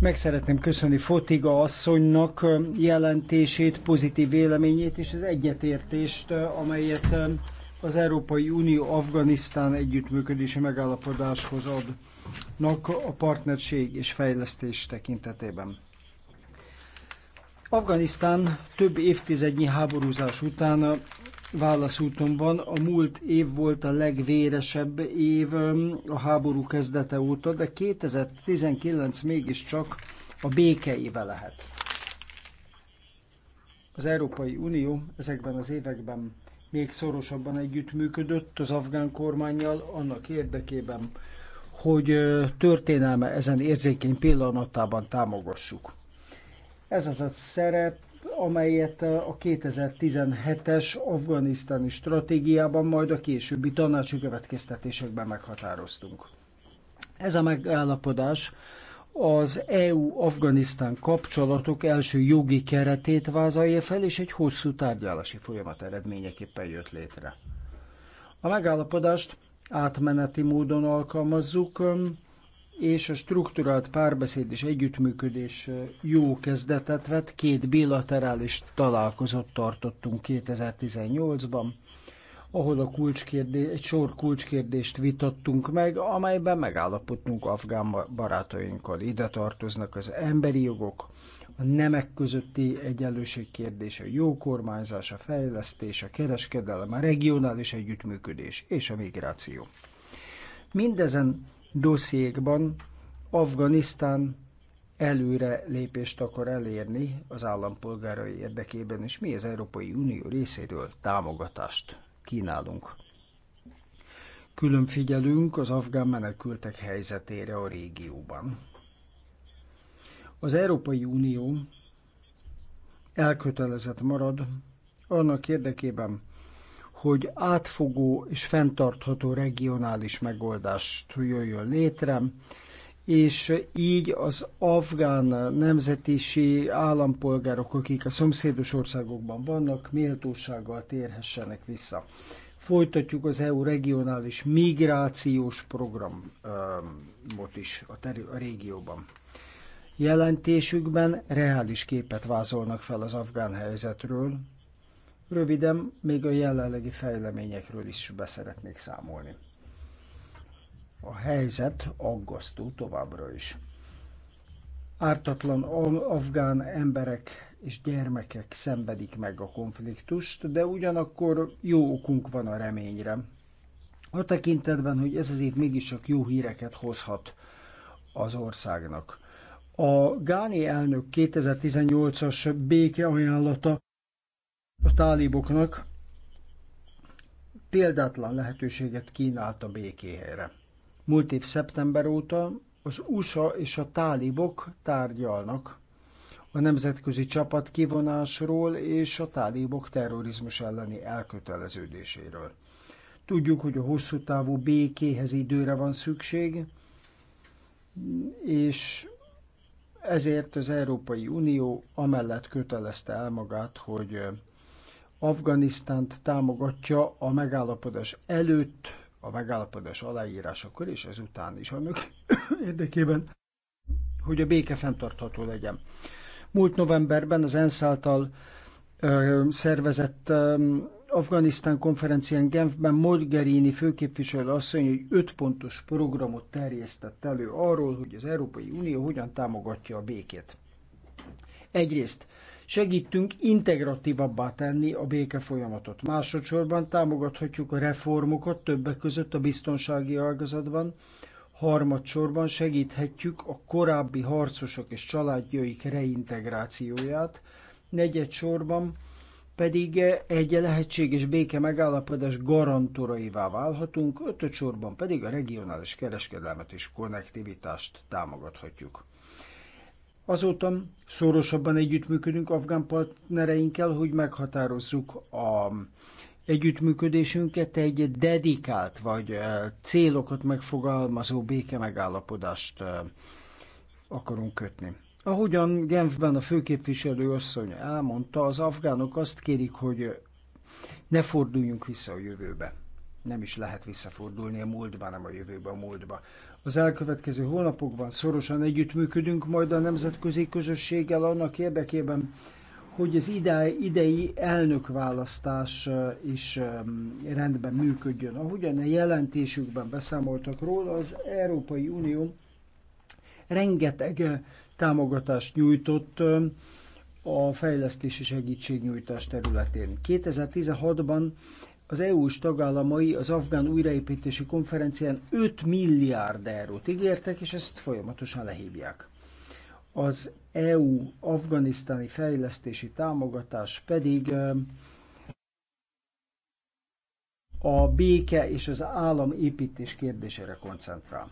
Meg szeretném köszönni Fotiga asszonynak jelentését, pozitív véleményét és az egyetértést, amelyet az Európai Unió Afganisztán együttműködési megállapodáshoz adnak a partnerség és fejlesztés tekintetében. Afganisztán több évtizednyi háborúzás után válaszúton A múlt év volt a legvéresebb év a háború kezdete óta, de 2019 mégiscsak a béke éve lehet. Az Európai Unió ezekben az években még szorosabban együttműködött az afgán kormányjal annak érdekében, hogy történelme ezen érzékeny pillanatában támogassuk. Ez az a szerep, amelyet eh, a 2017-es afganisztáni stratégiában, majd a későbbi tanácsi következtetésekben meghatároztunk. Ez a megállapodás az EU-Afganisztán kapcsolatok első jogi keretét vázolja fel, és egy hosszú tárgyalási folyamat eredményeképpen jött létre. A megállapodást átmeneti módon alkalmazzuk, és a struktúrált párbeszéd és együttműködés jó kezdetet vett. Két bilaterális találkozót tartottunk 2018-ban, ahol a kulcskérdés, egy sor kulcskérdést vitattunk meg, amelyben megállapodtunk afgán barátainkkal. Ide tartoznak az emberi jogok, a nemek közötti egyenlőség kérdése, a jó kormányzás, a fejlesztés, a kereskedelem, a regionális együttműködés és a migráció. Mindezen dossziékban Afganisztán előre lépést akar elérni az állampolgárai érdekében, és mi az Európai Unió részéről támogatást kínálunk. Külön figyelünk az afgán menekültek helyzetére a régióban. Az Európai Unió elkötelezett marad annak érdekében, hogy átfogó és fenntartható regionális megoldást jöjjön létre, és így az afgán nemzetiségi állampolgárok, akik a szomszédos országokban vannak, méltósággal térhessenek vissza. Folytatjuk az EU regionális migrációs programot is a, terü- a régióban. Jelentésükben reális képet vázolnak fel az afgán helyzetről, Röviden még a jelenlegi fejleményekről is beszeretnék számolni. A helyzet aggasztó továbbra is. Ártatlan afgán emberek és gyermekek szenvedik meg a konfliktust, de ugyanakkor jó okunk van a reményre. A tekintetben, hogy ez az év mégiscsak jó híreket hozhat az országnak. A Gáni elnök 2018-as béke ajánlata a táliboknak példátlan lehetőséget kínált a békéhelyre. Múlt év szeptember óta az USA és a tálibok tárgyalnak a nemzetközi csapat kivonásról és a tálibok terrorizmus elleni elköteleződéséről. Tudjuk, hogy a hosszú távú békéhez időre van szükség, és ezért az Európai Unió amellett kötelezte el magát, hogy Afganisztánt támogatja a megállapodás előtt, a megállapodás aláírásakor és ezután is annak érdekében, hogy a béke fenntartható legyen. Múlt novemberben az ENSZ által ö, szervezett ö, Afganisztán konferencián Genfben Mogherini főképviselő asszony egy öt pontos programot terjesztett elő arról, hogy az Európai Unió hogyan támogatja a békét. Egyrészt segítünk integratívabbá tenni a béke folyamatot. Másodszorban támogathatjuk a reformokat többek között a biztonsági ágazatban, harmadsorban segíthetjük a korábbi harcosok és családjaik reintegrációját, negyedsorban pedig egy lehetséges béke megállapodás garantoraivá válhatunk, ötödsorban pedig a regionális kereskedelmet és konnektivitást támogathatjuk. Azóta szorosabban együttműködünk afgán partnereinkkel, hogy meghatározzuk a együttműködésünket egy dedikált vagy célokat megfogalmazó béke megállapodást akarunk kötni. Ahogyan Genfben a főképviselő asszony elmondta, az afgánok azt kérik, hogy ne forduljunk vissza a jövőbe. Nem is lehet visszafordulni a múltba, nem a jövőbe a múltba. Az elkövetkező hónapokban szorosan együttműködünk majd a nemzetközi közösséggel annak érdekében, hogy az idei, idei elnökválasztás eh, is rendben működjön. Ahogyan a jelentésükben beszámoltak róla, az Európai Unió rengeteg eh, támogatást nyújtott a fejlesztési segítségnyújtás területén. 2016-ban az EU-s tagállamai az afgán újraépítési konferencián 5 milliárd eurót ígértek, és ezt folyamatosan lehívják. Az EU afganisztáni fejlesztési támogatás pedig a béke és az államépítés kérdésére koncentrál.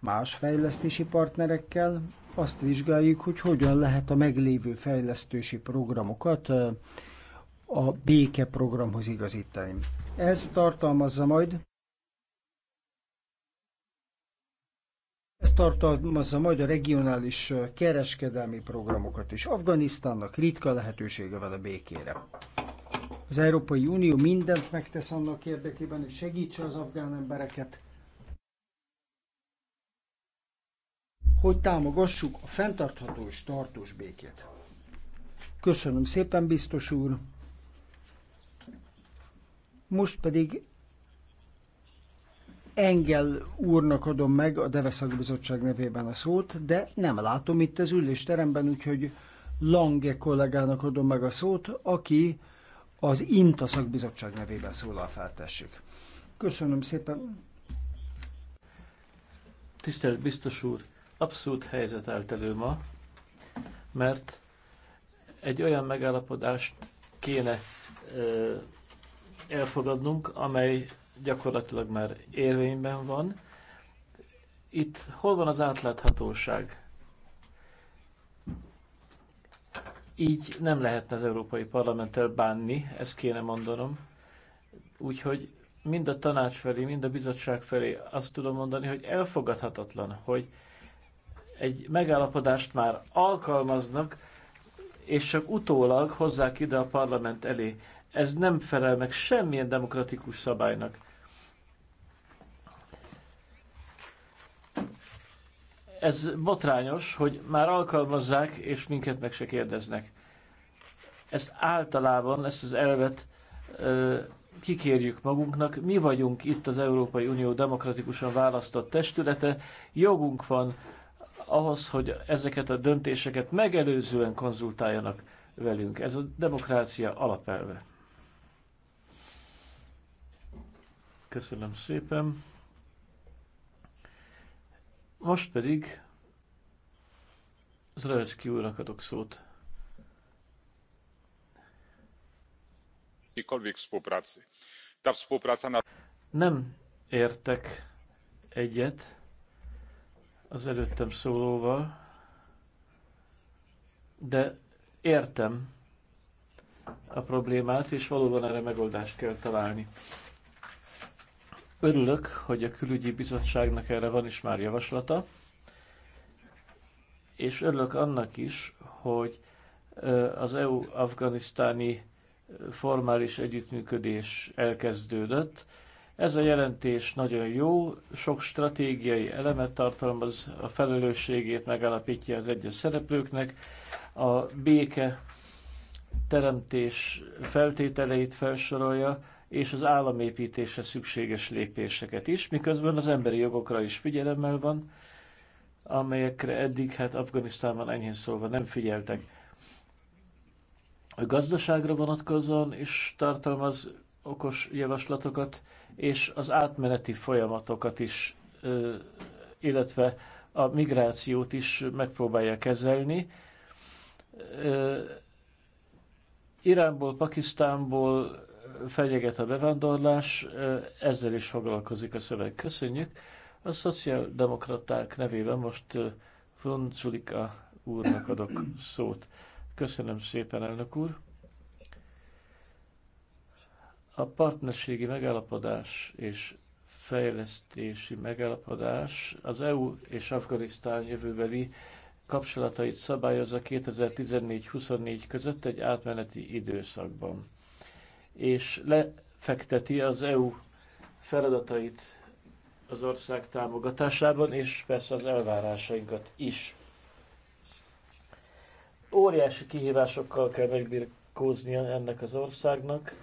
Más fejlesztési partnerekkel azt vizsgáljuk, hogy hogyan lehet a meglévő fejlesztési programokat a béke programhoz igazítani. Ez tartalmazza majd Ez tartalmazza majd a regionális kereskedelmi programokat is. Afganisztánnak ritka lehetősége van a békére. Az Európai Unió mindent megtesz annak érdekében, hogy segítse az afgán embereket, hogy támogassuk a fenntartható és tartós békét. Köszönöm szépen, biztos úr! Most pedig Engel úrnak adom meg a Deveszak Bizottság nevében a szót, de nem látom itt az ülésteremben, úgyhogy Lange kollégának adom meg a szót, aki az INTA szakbizottság nevében szólal fel, tessék. Köszönöm szépen. Tisztelt biztos úr, abszolút helyzet állt elő ma, mert egy olyan megállapodást kéne elfogadnunk, amely gyakorlatilag már érvényben van. Itt hol van az átláthatóság? Így nem lehetne az Európai Parlamenttel bánni, ezt kéne mondanom. Úgyhogy mind a tanács felé, mind a bizottság felé azt tudom mondani, hogy elfogadhatatlan, hogy egy megállapodást már alkalmaznak, és csak utólag hozzák ide a parlament elé. Ez nem felel meg semmilyen demokratikus szabálynak. Ez botrányos, hogy már alkalmazzák, és minket meg se kérdeznek. Ezt általában, ezt az elvet kikérjük magunknak, mi vagyunk itt az Európai Unió demokratikusan választott testülete, jogunk van ahhoz, hogy ezeket a döntéseket megelőzően konzultáljanak velünk. Ez a demokrácia alapelve. Köszönöm szépen. Most pedig Zrajewski úrnak adok szót. Nem értek egyet az előttem szólóval, de értem a problémát, és valóban erre megoldást kell találni. Örülök, hogy a külügyi bizottságnak erre van is már javaslata, és örülök annak is, hogy az EU-afganisztáni formális együttműködés elkezdődött. Ez a jelentés nagyon jó, sok stratégiai elemet tartalmaz, a felelősségét megállapítja az egyes szereplőknek, a béke teremtés feltételeit felsorolja, és az államépítése szükséges lépéseket is, miközben az emberi jogokra is figyelemmel van, amelyekre eddig, hát Afganisztánban enyhén szólva nem figyeltek. A gazdaságra vonatkozóan is tartalmaz okos javaslatokat, és az átmeneti folyamatokat is, illetve a migrációt is megpróbálja kezelni. Iránból, Pakisztánból, fenyeget a bevándorlás, ezzel is foglalkozik a szöveg. Köszönjük. A szociáldemokraták nevében most a úrnak adok szót. Köszönöm szépen, elnök úr. A partnerségi megállapodás és fejlesztési megállapodás az EU és Afganisztán jövőbeli kapcsolatait szabályozza 2014-24 között egy átmeneti időszakban és lefekteti az EU feladatait az ország támogatásában, és persze az elvárásainkat is. Óriási kihívásokkal kell megbirkóznia ennek az országnak,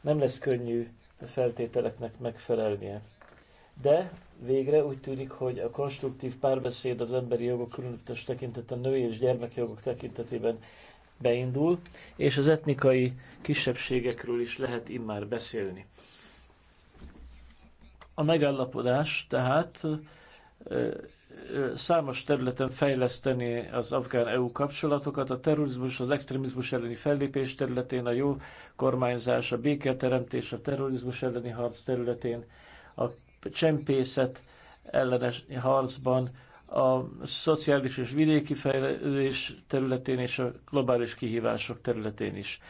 nem lesz könnyű a feltételeknek megfelelnie. De végre úgy tűnik, hogy a konstruktív párbeszéd az emberi jogok, különös tekintetben női és gyermekjogok tekintetében beindul, és az etnikai kisebbségekről is lehet immár beszélni. A megállapodás tehát számos területen fejleszteni az afgán-EU kapcsolatokat, a terrorizmus, az extrémizmus elleni fellépés területén, a jó kormányzás, a béketeremtés, a terrorizmus elleni harc területén, a csempészet ellenes harcban, a szociális és vidéki fejlődés területén és a globális kihívások területén is,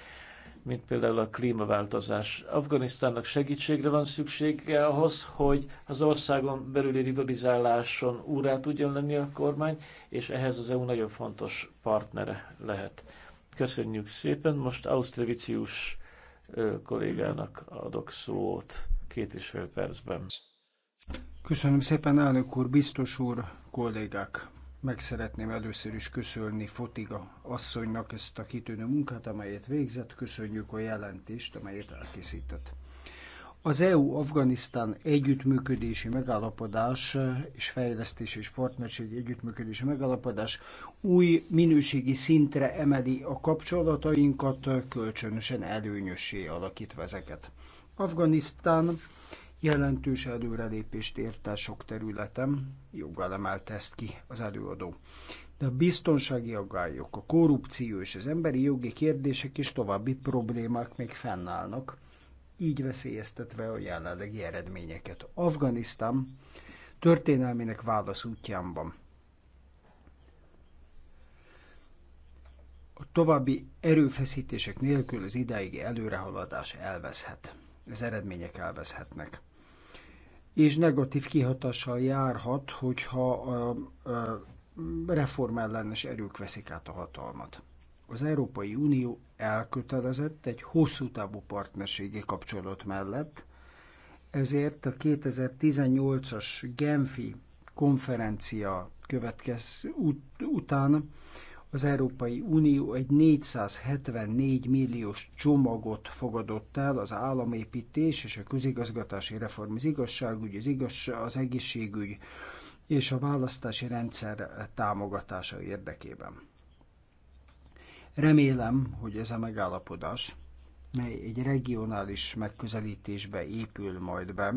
mint például a klímaváltozás. Afganisztánnak segítségre van szüksége ahhoz, hogy az országon belüli rivalizáláson úrá tudjon lenni a kormány, és ehhez az EU nagyon fontos partnere lehet. Köszönjük szépen, most Ausztrevicius kollégának adok szót két és fél percben. Köszönöm szépen, elnök úr, biztos úr, kollégák! Meg szeretném először is köszönni Fotiga asszonynak ezt a kitűnő munkát, amelyet végzett. Köszönjük a jelentést, amelyet elkészített. Az EU-Afganisztán együttműködési megállapodás és fejlesztés és partnerség együttműködési megállapodás új minőségi szintre emeli a kapcsolatainkat, kölcsönösen előnyössé alakítva ezeket. Afganisztán Jelentős előrelépést ért el sok területen, joggal emelte ezt ki az előadó. De a biztonsági aggályok, a korrupció és az emberi jogi kérdések és további problémák még fennállnak, így veszélyeztetve a jelenlegi eredményeket. Afganisztán történelmének válasz útján van. A további erőfeszítések nélkül az idáigi előrehaladás elveszhet az eredmények elveszhetnek. És negatív kihatással járhat, hogyha a, reformellenes erők veszik át a hatalmat. Az Európai Unió elkötelezett egy hosszú távú partnerségi kapcsolat mellett, ezért a 2018-as Genfi konferencia következ ut- után az Európai Unió egy 474 milliós csomagot fogadott el az államépítés és a közigazgatási reform, az igazságügy, az, igaz, az egészségügy és a választási rendszer támogatása érdekében. Remélem, hogy ez a megállapodás, mely egy regionális megközelítésbe épül majd be,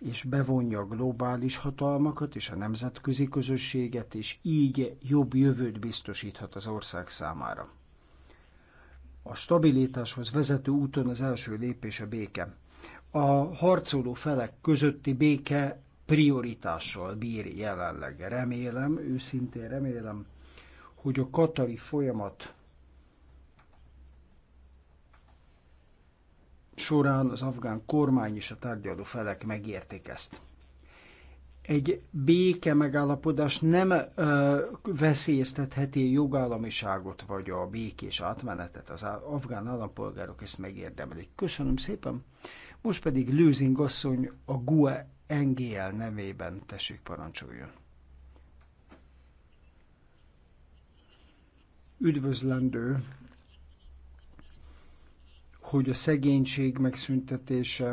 és bevonja a globális hatalmakat és a nemzetközi közösséget, és így jobb jövőt biztosíthat az ország számára. A stabilitáshoz vezető úton az első lépés a béke. A harcoló felek közötti béke prioritással bír jelenleg. Remélem, őszintén remélem, hogy a katari folyamat során az afgán kormány és a tárgyaló felek megérték ezt. Egy béke megállapodás nem ö, veszélyeztetheti jogállamiságot vagy a békés átmenetet. Az afgán állampolgárok ezt megérdemelik. Köszönöm szépen. Most pedig Lőzing asszony a GUE NGL nevében tessék parancsoljon. Üdvözlendő, hogy a szegénység megszüntetése,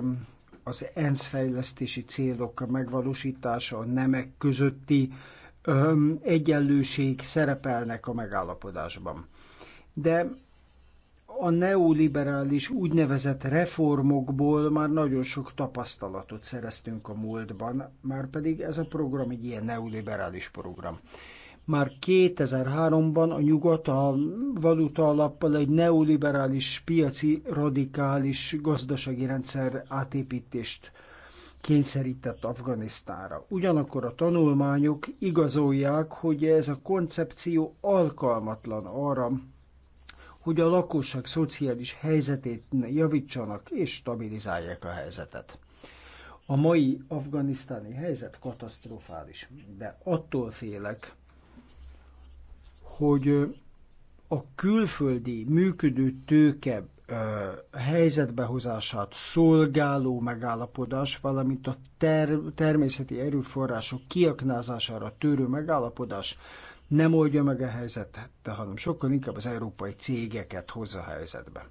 az ENSZ fejlesztési célok megvalósítása, a nemek közötti öm, egyenlőség szerepelnek a megállapodásban. De a neoliberális úgynevezett reformokból már nagyon sok tapasztalatot szereztünk a múltban, már pedig ez a program egy ilyen neoliberális program. Már 2003-ban a nyugat a valuta alappal egy neoliberális, piaci, radikális gazdasági rendszer átépítést kényszerített Afganisztára. Ugyanakkor a tanulmányok igazolják, hogy ez a koncepció alkalmatlan arra, hogy a lakosság szociális helyzetét javítsanak és stabilizálják a helyzetet. A mai afganisztáni helyzet katasztrofális, de attól félek, hogy a külföldi működő tőke helyzetbehozását szolgáló megállapodás, valamint a ter- természeti erőforrások kiaknázására törő megállapodás nem oldja meg a helyzetet, hanem sokkal inkább az európai cégeket hozza a helyzetbe.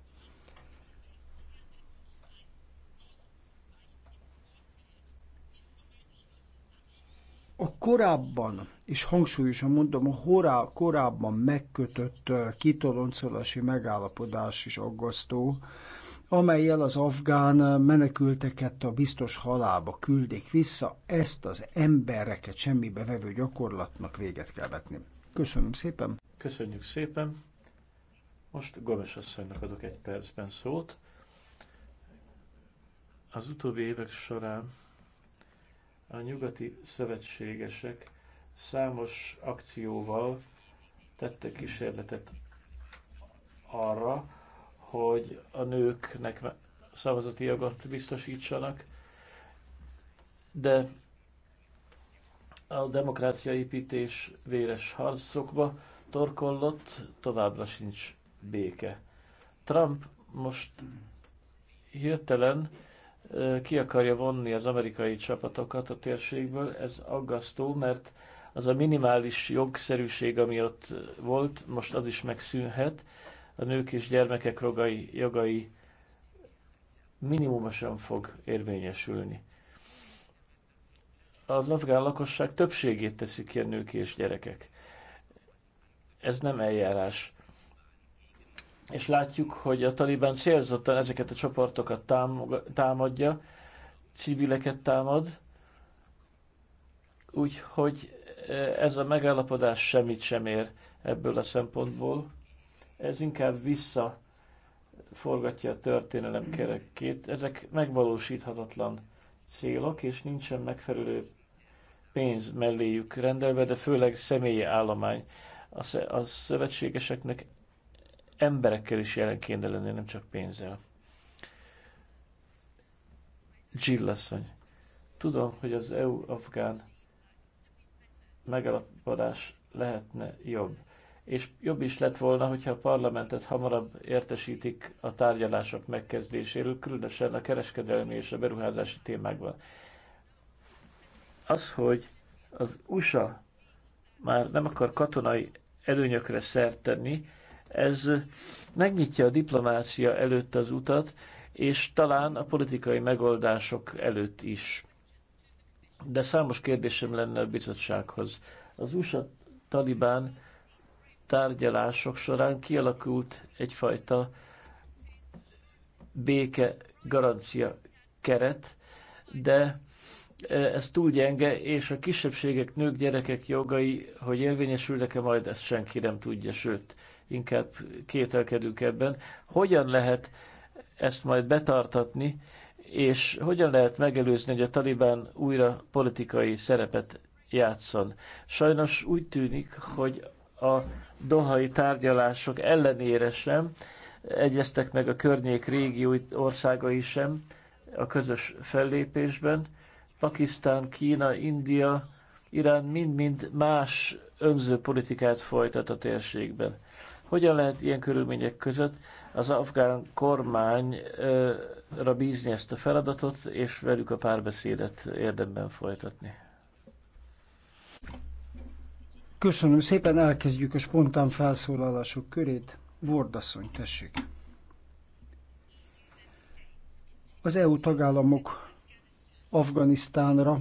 A korábban, és hangsúlyosan mondom, a horá, korábban megkötött kitoloncolási megállapodás is aggasztó, amelyel az afgán menekülteket a biztos halába küldik vissza, ezt az embereket semmibe vevő gyakorlatnak véget kell vetni. Köszönöm szépen! Köszönjük szépen! Most Gomes asszonynak adok egy percben szót. Az utóbbi évek során a nyugati szövetségesek számos akcióval tettek kísérletet arra, hogy a nőknek szavazati jogot biztosítsanak, de a demokrácia építés véres harcokba torkollott, továbbra sincs béke. Trump most hirtelen ki akarja vonni az amerikai csapatokat a térségből, ez aggasztó, mert az a minimális jogszerűség, ami ott volt, most az is megszűnhet. A nők és gyermekek rogai, jogai minimumosan fog érvényesülni. Az afgán lakosság többségét teszik ki a nők és gyerekek. Ez nem eljárás és látjuk, hogy a Taliban célzottan ezeket a csoportokat támadja, civileket támad, úgyhogy e, ez a megállapodás semmit sem ér ebből a szempontból. Ez inkább vissza forgatja a történelem kerekét. Ezek megvalósíthatatlan célok, és nincsen megfelelő pénz melléjük rendelve, de főleg személyi állomány. A szövetségeseknek emberekkel is jelen kéne lenni, nem csak pénzzel. Jill asszony. Tudom, hogy az EU-afgán megalapodás lehetne jobb. És jobb is lett volna, hogyha a parlamentet hamarabb értesítik a tárgyalások megkezdéséről, különösen a kereskedelmi és a beruházási témákban. Az, hogy az USA már nem akar katonai előnyökre szert tenni, ez megnyitja a diplomácia előtt az utat, és talán a politikai megoldások előtt is. De számos kérdésem lenne a bizottsághoz. Az USA-Talibán tárgyalások során kialakult egyfajta béke garancia keret, de e, ez túl gyenge, és a kisebbségek, nők, gyerekek jogai, hogy érvényesülnek-e majd, ezt senki nem tudja, sőt, inkább kételkedünk ebben. Hogyan lehet ezt majd betartatni, és hogyan lehet megelőzni, hogy a Taliban újra politikai szerepet játszon. Sajnos úgy tűnik, hogy a dohai tárgyalások ellenére sem egyeztek meg a környék régió országai sem a közös fellépésben. Pakisztán, Kína, India, Irán mind-mind más önző politikát folytat a térségben. Hogyan lehet ilyen körülmények között az afgán kormányra bízni ezt a feladatot, és velük a párbeszédet érdemben folytatni? Köszönöm szépen, elkezdjük a spontán felszólalások körét. Vordasszony, tessék! Az EU tagállamok Afganisztánra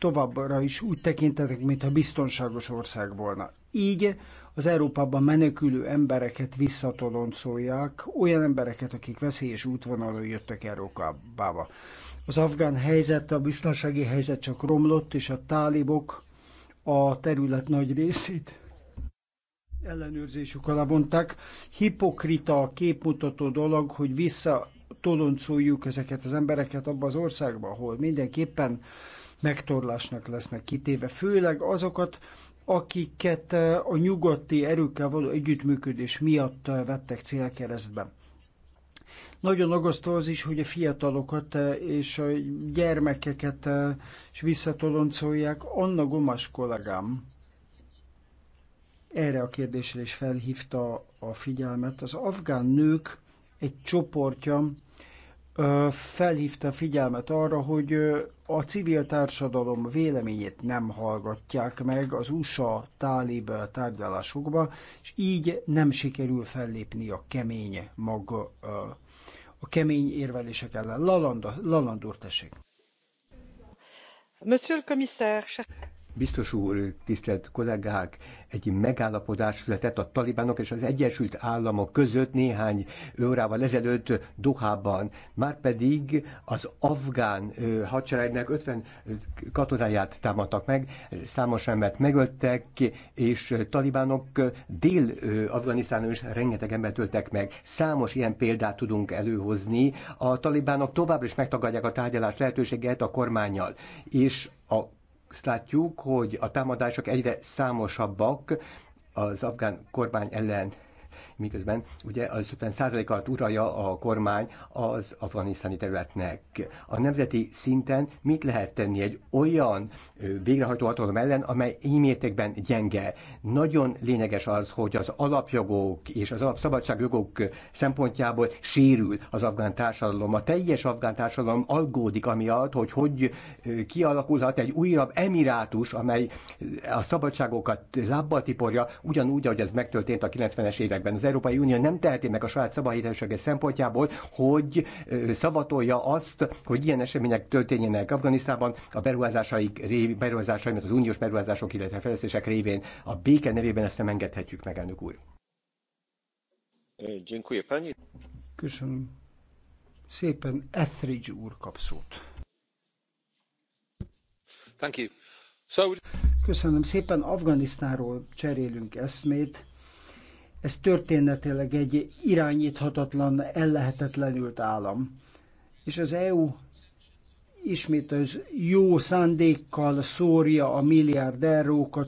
továbbra is úgy tekintetek, mintha biztonságos ország volna. Így az Európában menekülő embereket visszatoloncolják, olyan embereket, akik veszélyes útvonalon jöttek Európába. Az afgán helyzet, a biztonsági helyzet csak romlott, és a tálibok a terület nagy részét ellenőrzésük alá vonták. Hipokrita képmutató dolog, hogy visszatoloncoljuk ezeket az embereket abba az országba, ahol mindenképpen uh, megtorlásnak lesznek kitéve, főleg azokat, akiket eh, a nyugati erőkkel való együttműködés miatt eh, vettek célkeresztbe. Nagyon agasztó az is, hogy a fiatalokat eh, és a gyermekeket is visszatoloncolják. Anna Gomas kollégám erre a kérdésre is felhívta a figyelmet. Az afgán nők egy csoportja felhívta figyelmet arra, hogy a civil társadalom véleményét nem hallgatják meg az USA-tálib tárgyalásokba, és így nem sikerül fellépni a kemény maga, a kemény érvelések ellen. Lalanda, Lalandor, tessék! Monsieur le commissaire, Biztos úr, tisztelt kollégák, egy megállapodás született a talibánok és az Egyesült Államok között néhány órával ezelőtt Dohában. Márpedig az afgán hadseregnek 50 katonáját támadtak meg, számos embert megöltek, és talibánok dél-afganisztánon is rengeteg embert öltek meg. Számos ilyen példát tudunk előhozni. A talibánok továbbra is megtagadják a tárgyalás lehetőséget a kormányjal, és a azt látjuk, hogy a támadások egyre számosabbak az afgán kormány ellen miközben ugye az 50 százalékat uralja a kormány az afganisztáni területnek. A nemzeti szinten mit lehet tenni egy olyan végrehajtó hatalom ellen, amely mértékben gyenge? Nagyon lényeges az, hogy az alapjogok és az alapszabadságjogok szempontjából sérül az afgán társadalom. A teljes afgán társadalom aggódik amiatt, hogy hogy kialakulhat egy újabb emirátus, amely a szabadságokat lábbal tiporja, ugyanúgy, ahogy ez megtörtént a 90-es években. Az Európai Unió nem teheti meg a saját szabályításága szempontjából, hogy szavatolja azt, hogy ilyen események történjenek Afganisztában a beruházásaik, mert az uniós beruházások, illetve fejlesztések révén a béke nevében ezt nem engedhetjük meg, elnök úr. Köszönöm. Szépen Etheridge úr kap szót. Thank you. So... Köszönöm szépen. Afganisztánról cserélünk eszmét. Ez történetileg egy irányíthatatlan, ellehetetlenült állam. És az EU ismét az jó szándékkal szórja a milliárd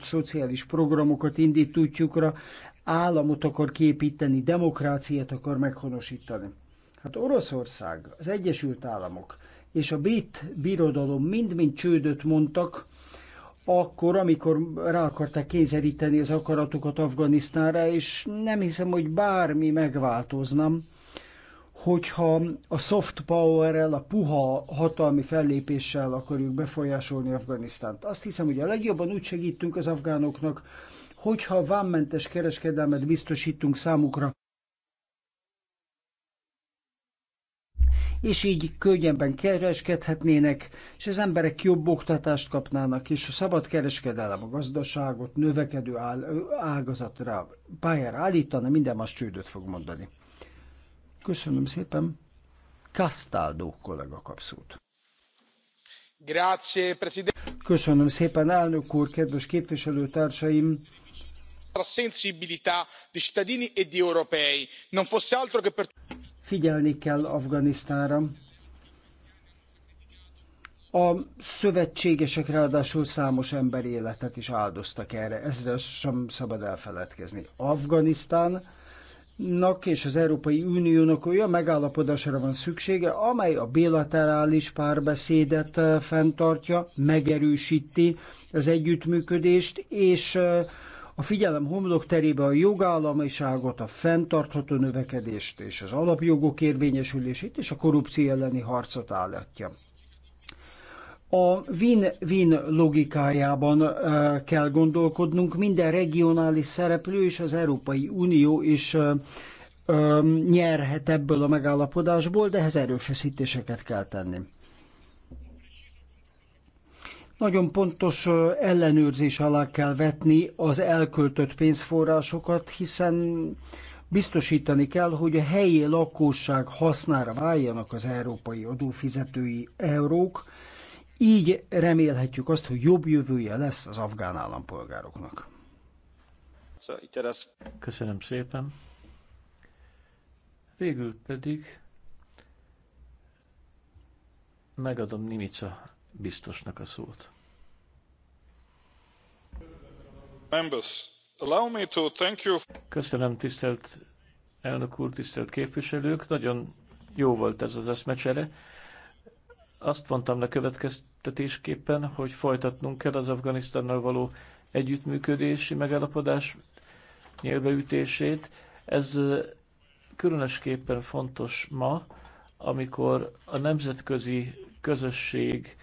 szociális programokat indít útjukra, államot akar képíteni, demokráciát akar meghonosítani. Hát Oroszország, az Egyesült Államok és a brit birodalom mind-mind csődöt mondtak, akkor, amikor rá akarták kényszeríteni az akaratukat Afganisztánra, és nem hiszem, hogy bármi megváltoznam, hogyha a soft power-rel, a puha hatalmi fellépéssel akarjuk befolyásolni Afganisztánt. Azt hiszem, hogy a legjobban úgy segítünk az afgánoknak, hogyha vámmentes kereskedelmet biztosítunk számukra, és így könnyebben kereskedhetnének, és az emberek jobb oktatást kapnának, és a szabad kereskedelem a gazdaságot növekedő ágazatra pályára állítana, minden más csődöt fog mondani. Köszönöm szépen. Castaldo kollega Grazie, szót. Köszönöm szépen, elnök úr, kedves képviselőtársaim! sensibilità di cittadini e di europei non fosse altro che per figyelni kell Afganisztánra. A szövetségesek ráadásul számos ember életet is áldoztak erre, ezre sem szabad elfeledkezni. Afganisztán és az Európai Uniónak olyan megállapodásra van szüksége, amely a bilaterális párbeszédet eh, fenntartja, megerősíti az együttműködést, és eh, a figyelem homlok terébe a jogállamiságot, a fenntartható növekedést és az alapjogok érvényesülését és a korrupció elleni harcot állítja. A win-win logikájában kell gondolkodnunk, minden regionális szereplő és az Európai Unió is nyerhet ebből a megállapodásból, de ehhez erőfeszítéseket kell tenni. Nagyon pontos ellenőrzés alá kell vetni az elköltött pénzforrásokat, hiszen biztosítani kell, hogy a helyi lakosság hasznára váljanak az európai adófizetői eurók, így remélhetjük azt, hogy jobb jövője lesz az afgán állampolgároknak. Köszönöm szépen. Végül pedig megadom Nimica biztosnak a szót. Köszönöm, tisztelt elnök úr, tisztelt képviselők. Nagyon jó volt ez az eszmecsere. Azt mondtam le következtetésképpen, hogy folytatnunk kell az Afganisztánnal való együttműködési megállapodás nyelveütését. Ez különösképpen fontos ma, amikor a nemzetközi közösség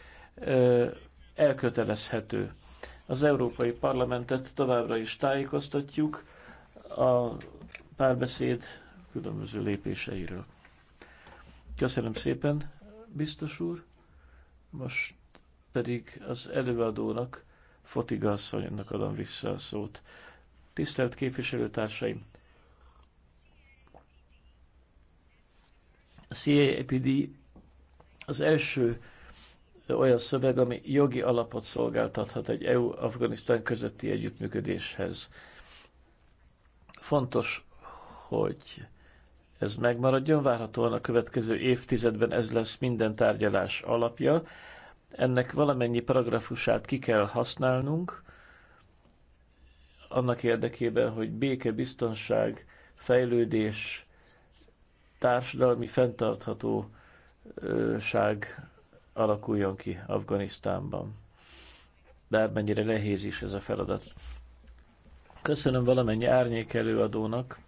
elkötelezhető. Az Európai Parlamentet továbbra is tájékoztatjuk a párbeszéd különböző lépéseiről. Köszönöm szépen, biztos úr. Most pedig az előadónak, Fotiga asszonynak adom vissza a szót. Tisztelt képviselőtársaim! A CAPD az első olyan szöveg, ami jogi alapot szolgáltathat egy EU-Afganisztán közötti együttműködéshez. Fontos, hogy ez megmaradjon, várhatóan a következő évtizedben ez lesz minden tárgyalás alapja. Ennek valamennyi paragrafusát ki kell használnunk, annak érdekében, hogy béke, biztonság, fejlődés, társadalmi fenntarthatóság alakuljon ki Afganisztánban. Bármennyire hát nehéz is ez a feladat. Köszönöm valamennyi árnyék előadónak,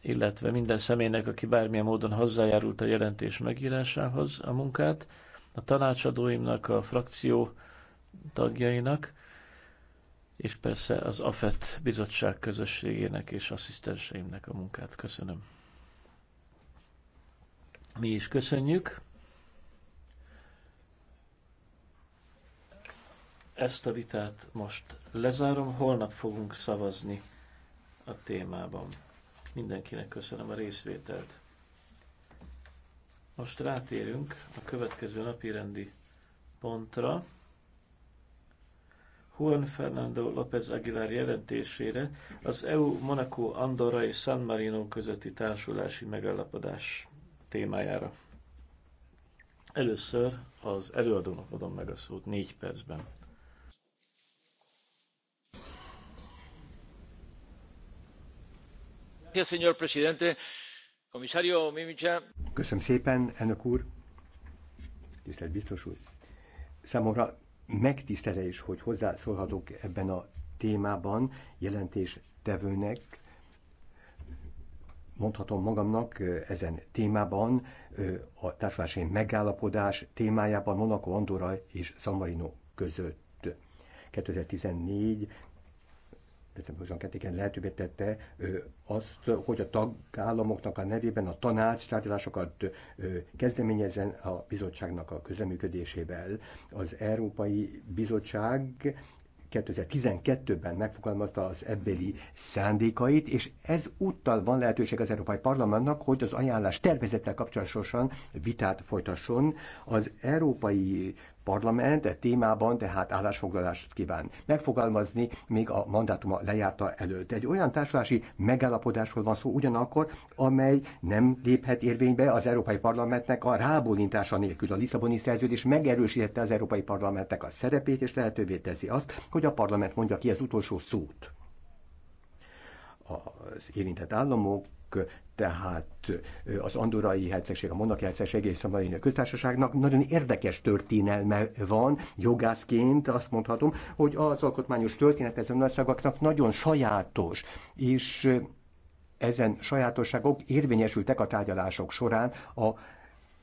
illetve minden személynek, aki bármilyen módon hozzájárult a jelentés megírásához a munkát, a tanácsadóimnak, a frakció tagjainak, és persze az AFET bizottság közösségének és asszisztenseimnek a munkát. Köszönöm. Mi is köszönjük. Ezt a vitát most lezárom, holnap fogunk szavazni a témában. Mindenkinek köszönöm a részvételt. Most rátérünk a következő napi rendi pontra. Juan Fernando López Aguilar jelentésére az EU Monaco Andorra és San Marino közötti társulási megállapodás témájára. Először az előadónak adom meg a szót négy percben. señor presidente comisario mimica. Köszönöm szépen, tisztelt biztos úr. Számomra megtisztelés, hogy hozzászólhatok ebben a témában jelentéstevőnek, mondhatom magamnak ezen témában, a társulási megállapodás témájában Monaco, Andorra és San Marino között. 2014. 2022-ben lehetővé tette azt, hogy a tagállamoknak a nevében a tanács tárgyalásokat kezdeményezzen a bizottságnak a közreműködésével. Az Európai Bizottság 2012-ben megfogalmazta az ebbeli szándékait, és ez úttal van lehetőség az Európai Parlamentnak, hogy az ajánlás tervezettel kapcsolatosan vitát folytasson. Az Európai parlament e témában tehát állásfoglalást kíván megfogalmazni, még a mandátuma lejárta előtt. Egy olyan társulási megállapodásról van szó ugyanakkor, amely nem léphet érvénybe az Európai Parlamentnek a rábólintása nélkül. A Lisszaboni szerződés megerősítette az Európai Parlamentnek a szerepét, és lehetővé teszi azt, hogy a parlament mondja ki az utolsó szót az érintett államok, tehát az Andorai hercegség, a Monaki hercegség és a köztársaságnak nagyon érdekes történelme van, jogászként azt mondhatom, hogy az alkotmányos történet ezen országoknak nagyon sajátos, és ezen sajátosságok érvényesültek a tárgyalások során a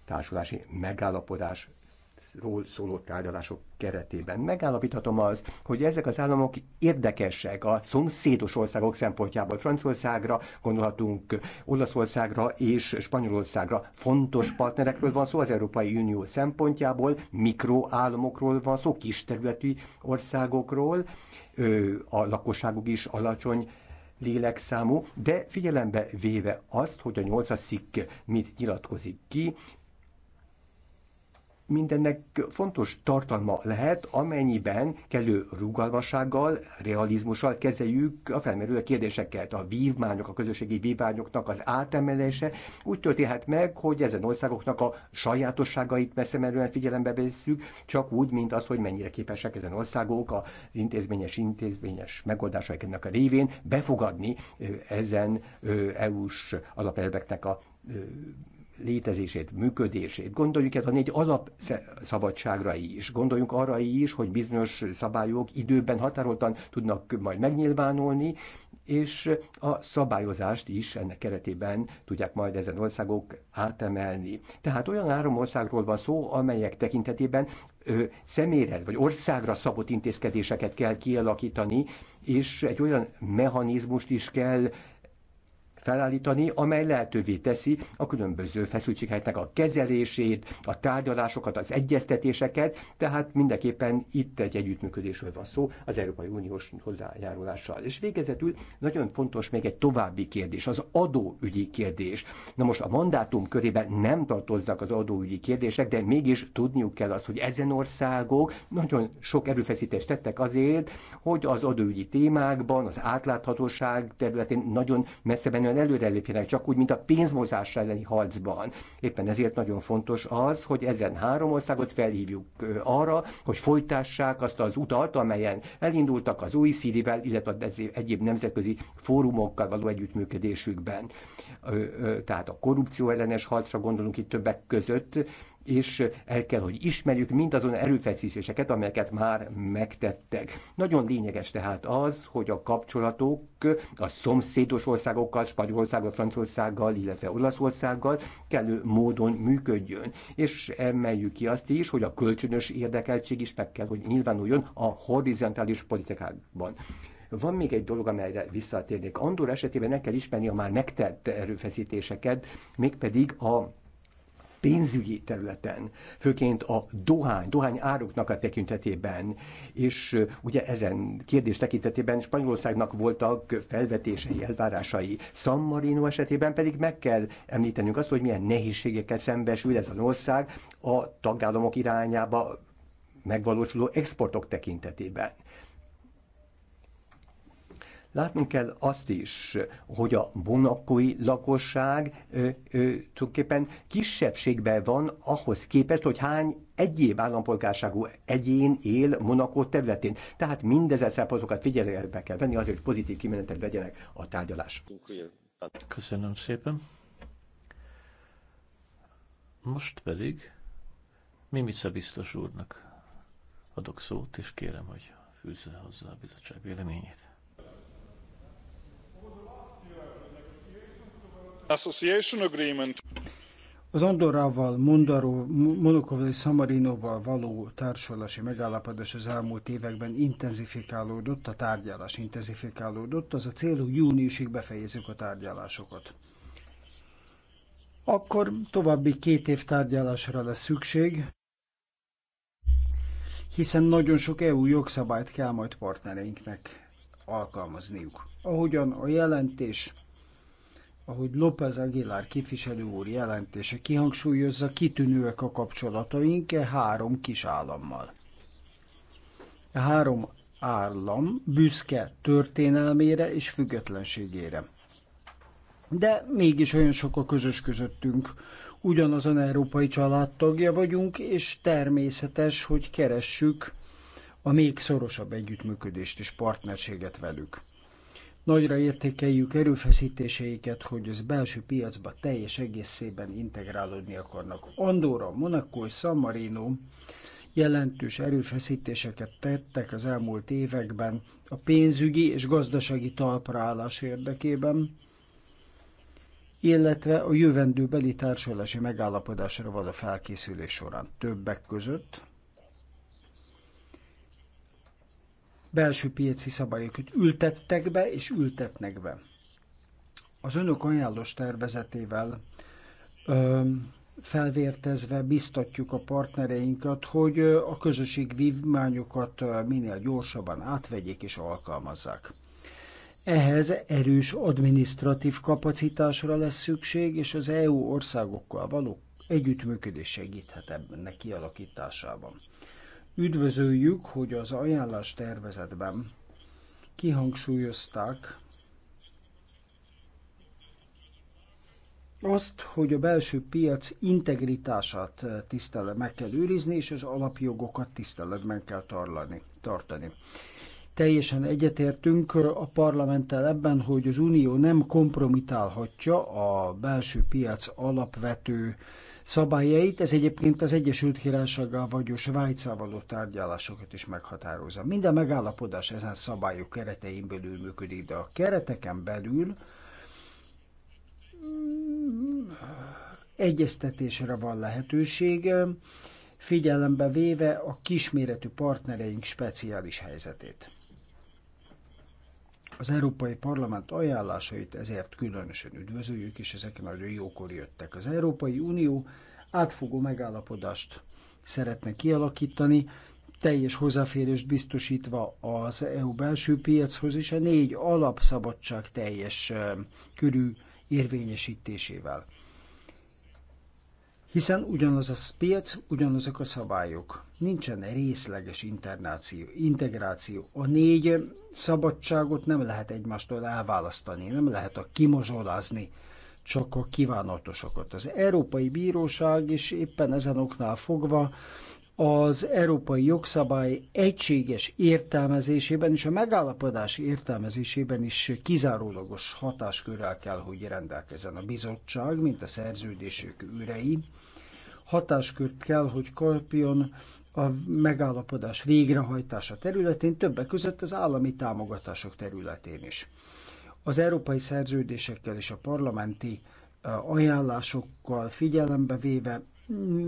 társulási megállapodás ról szóló tárgyalások keretében. Megállapíthatom az, hogy ezek az államok érdekesek a szomszédos országok szempontjából. Franciaországra gondolhatunk, Olaszországra és Spanyolországra. Fontos partnerekről van szó az Európai Unió szempontjából, mikroállamokról van szó, kis területű országokról, a lakosságuk is alacsony lélekszámú, de figyelembe véve azt, hogy a nyolcas mit nyilatkozik ki, mindennek fontos tartalma lehet, amennyiben kellő rugalmassággal, realizmussal kezeljük a felmerülő kérdéseket. A vívmányok, a közösségi vívmányoknak az átemelése úgy történhet meg, hogy ezen országoknak a sajátosságait messze figyelembe veszük, csak úgy, mint az, hogy mennyire képesek ezen országok az intézményes intézményes megoldásaik ennek a révén befogadni ezen EU-s alapelveknek a létezését, működését. Gondoljuk ezt a négy alapszabadságra is. Gondoljunk arra is, hogy bizonyos szabályok időben határoltan tudnak majd megnyilvánulni, és a szabályozást is ennek keretében tudják majd ezen országok átemelni. Tehát olyan három országról van szó, amelyek tekintetében ö, személyre vagy országra szabott intézkedéseket kell kialakítani, és egy olyan mechanizmust is kell felállítani, amely lehetővé teszi a különböző feszültségeknek a kezelését, a tárgyalásokat, az egyeztetéseket, tehát mindenképpen itt egy együttműködésről van szó az Európai Uniós hozzájárulással. És végezetül nagyon fontos még egy további kérdés, az adóügyi kérdés. Na most a mandátum körében nem tartoznak az adóügyi kérdések, de mégis tudniuk kell azt, hogy ezen országok nagyon sok erőfeszítést tettek azért, hogy az adóügyi témákban, az átláthatóság területén nagyon messze menően előrelépjenek, csak úgy, mint a pénzmozás elleni harcban. Éppen ezért nagyon fontos az, hogy ezen három országot felhívjuk arra, hogy folytassák azt az utat, amelyen elindultak az OECD-vel, illetve az egyéb nemzetközi fórumokkal való együttműködésükben. Tehát a korrupció ellenes harcra gondolunk itt többek között, és el kell, hogy ismerjük mindazon erőfeszítéseket, amelyeket már megtettek. Nagyon lényeges tehát az, hogy a kapcsolatok a szomszédos országokkal, Spanyolországgal, Franciaországgal, illetve Olaszországgal kellő módon működjön. És emeljük ki azt is, hogy a kölcsönös érdekeltség is meg kell, hogy nyilvánuljon a horizontális politikákban. Van még egy dolog, amelyre visszatérnék. Andor esetében el kell ismerni a már megtett erőfeszítéseket, mégpedig a pénzügyi területen, főként a dohány, dohány áruknak a tekintetében, és ugye ezen kérdés tekintetében Spanyolországnak voltak felvetései, elvárásai. San Marino esetében pedig meg kell említenünk azt, hogy milyen nehézségekkel szembesül ez az ország a tagállamok irányába megvalósuló exportok tekintetében. Látnunk kell azt is, hogy a monakói lakosság ö, ö, tulajdonképpen kisebbségben van ahhoz képest, hogy hány egyéb állampolgárságú egyén él Monakó területén. Tehát mindezen szempontokat figyelembe kell venni azért, hogy pozitív kimenetek legyenek a tárgyalás. Köszönöm szépen. Most pedig Mimica biztos úrnak adok szót, és kérem, hogy fűzze hozzá a bizottság véleményét. Az Andorrával, Mondaró, Monokóval és Szamarinoval való társulási megállapodás az elmúlt években intenzifikálódott, a tárgyalás intenzifikálódott, az a cél, hogy júniusig befejezzük a tárgyalásokat. Akkor további két év tárgyalásra lesz szükség, hiszen nagyon sok EU jogszabályt kell majd partnereinknek alkalmazniuk. Ahogyan a jelentés ahogy López Aguilar képviselő úr jelentése kihangsúlyozza, kitűnőek a kapcsolataink e három kis állammal. E három állam büszke történelmére és függetlenségére. De mégis olyan sok a közös közöttünk. Ugyanazon európai családtagja vagyunk, és természetes, hogy keressük a még szorosabb együttműködést és partnerséget velük. Nagyra értékeljük erőfeszítéseiket, hogy az belső piacba teljes egészében integrálódni akarnak. Andorra, Monaco és San Marino jelentős erőfeszítéseket tettek az elmúlt években a pénzügyi és gazdasági talpraállás érdekében, illetve a jövendőbeli társulási megállapodásra való felkészülés során többek között belső piaci szabályokat ültettek be és ültetnek be. Az önök ajánlós tervezetével ö, felvértezve biztatjuk a partnereinket, hogy a közösség vívmányokat minél gyorsabban átvegyék és alkalmazzák. Ehhez erős adminisztratív kapacitásra lesz szükség, és az EU országokkal való együttműködés segíthet ebben kialakításában. Üdvözöljük, hogy az ajánlás tervezetben kihangsúlyozták azt, hogy a belső piac integritását tisztelet meg kell őrizni, és az alapjogokat tiszteletben kell tarlani, tartani. Teljesen egyetértünk a parlamenttel ebben, hogy az Unió nem kompromitálhatja a belső piac alapvető szabályait, ez egyébként az Egyesült Királysággal vagy Svájccal való tárgyalásokat is meghatározza. Minden megállapodás ezen szabályok keretein belül működik, de a kereteken belül egyeztetésre van lehetőség, figyelembe véve a kisméretű partnereink speciális helyzetét. Az Európai Parlament ajánlásait ezért különösen üdvözöljük, és ezek nagyon jókor jöttek. Az Európai Unió átfogó megállapodást szeretne kialakítani, teljes hozzáférést biztosítva az EU belső piachoz és a négy alapszabadság teljes eh, körű érvényesítésével hiszen ugyanaz a piac, ugyanazok a szabályok. Nincsen részleges internáció, integráció. A négy szabadságot nem lehet egymástól elválasztani, nem lehet a kimozsolázni, csak a kívánatosokat. Az Európai Bíróság is éppen ezen oknál fogva az európai jogszabály egységes értelmezésében és a megállapodás értelmezésében is kizárólagos hatáskörrel kell, hogy rendelkezzen a bizottság, mint a szerződésük ürei. Hatáskört kell, hogy kapjon a megállapodás végrehajtása területén, többek között az állami támogatások területén is. Az európai szerződésekkel és a parlamenti eh, ajánlásokkal figyelembe véve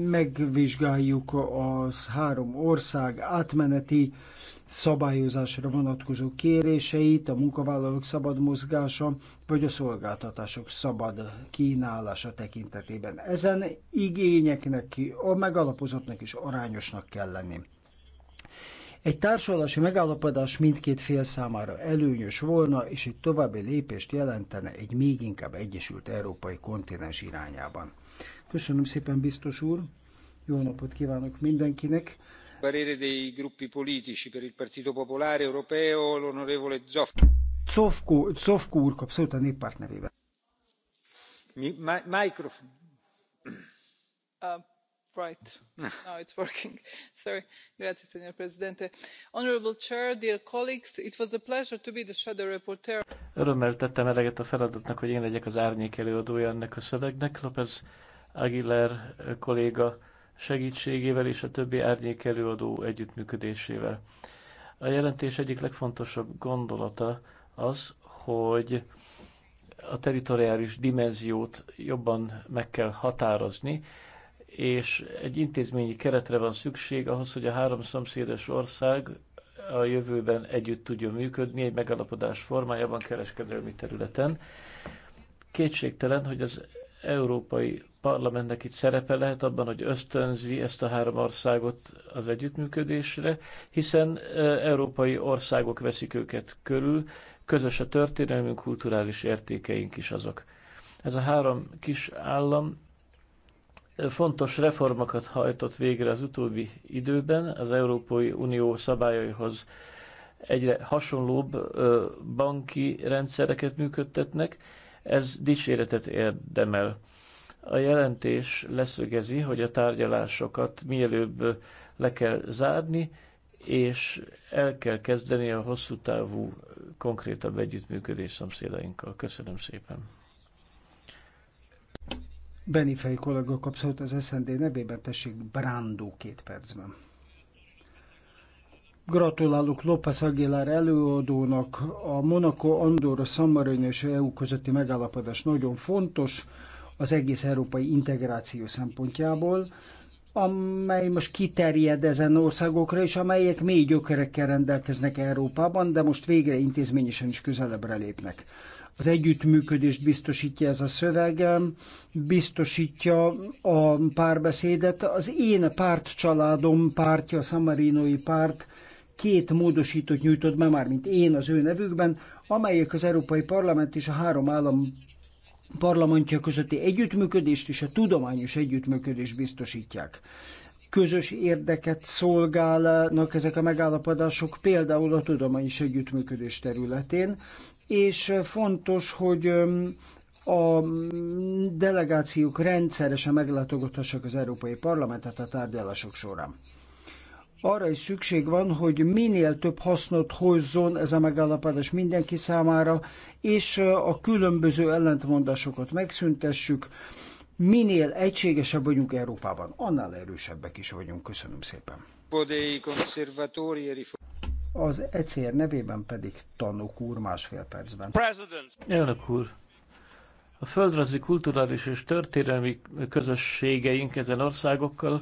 megvizsgáljuk az három ország átmeneti szabályozásra vonatkozó kéréseit, a munkavállalók szabad mozgása vagy a szolgáltatások szabad kínálása tekintetében. Ezen igényeknek, a megalapozottnak és arányosnak kell lenni. Egy társadalmi megállapodás mindkét fél számára előnyös volna, és egy további lépést jelentene egy még inkább egyesült európai kontinens irányában. Köszönöm szépen, biztos úr. Jó napot kívánok mindenkinek. Parere dei gruppi politici per il Partito Popolare Europeo, l'onorevole Zofko. Zofko, úr kap szólt a néppárt nevében. Mi, my, microphone. Uh, ah, right. Now it's working. Sorry. Grazie, signor Presidente. Honorable Chair, dear colleagues, it was a pleasure to be the shadow rapporteur. Örömmel tettem eleget a feladatnak, hogy én legyek az árnyék előadója ennek a szövegnek. López Aguilar kolléga segítségével és a többi árnyék előadó együttműködésével. A jelentés egyik legfontosabb gondolata az, hogy a teritoriális dimenziót jobban meg kell határozni, és egy intézményi keretre van szükség ahhoz, hogy a három szomszédos ország a jövőben együtt tudjon működni egy megalapodás formájában kereskedelmi területen. Kétségtelen, hogy az Európai Parlamentnek itt szerepe lehet abban, hogy ösztönzi ezt a három országot az együttműködésre, hiszen európai országok veszik őket körül, közös a történelmünk, kulturális értékeink is azok. Ez a három kis állam fontos reformokat hajtott végre az utóbbi időben, az Európai Unió szabályaihoz egyre hasonlóbb banki rendszereket működtetnek, ez dicséretet érdemel. A jelentés leszögezi, hogy a tárgyalásokat mielőbb le kell zárni, és el kell kezdeni a hosszú távú, konkrétabb együttműködés szomszédainkkal. Köszönöm szépen. Benifei kollega kapcsolat az SND nevében tessék Brandó két percben. Gratulálok López Aguilar előadónak. A Monaco, Andorra, San és EU közötti megállapodás nagyon fontos az egész európai integráció szempontjából amely most kiterjed ezen országokra, és amelyek mély gyökerekkel rendelkeznek Európában, de most végre intézményesen is közelebbre lépnek. Az együttműködést biztosítja ez a szöveg, biztosítja a párbeszédet. Az én pártcsaládom pártja, a Samarinoi párt két módosítót nyújtott be, már mint én az ő nevükben, amelyek az Európai Parlament és a három állam parlamentja közötti együttműködést és a tudományos együttműködést biztosítják. Közös érdeket szolgálnak ezek a megállapodások, például a tudományos együttműködés területén, és fontos, hogy a delegációk rendszeresen meglátogathassak az Európai Parlamentet a tárgyalások során arra is szükség van, hogy minél több hasznot hozzon ez a megállapodás mindenki számára, és a különböző ellentmondásokat megszüntessük. Minél egységesebb vagyunk Európában, annál erősebbek is vagyunk. Köszönöm szépen. Az ECR nevében pedig tanok úr másfél percben. Elnök úr, a földrajzi, kulturális és történelmi közösségeink ezen országokkal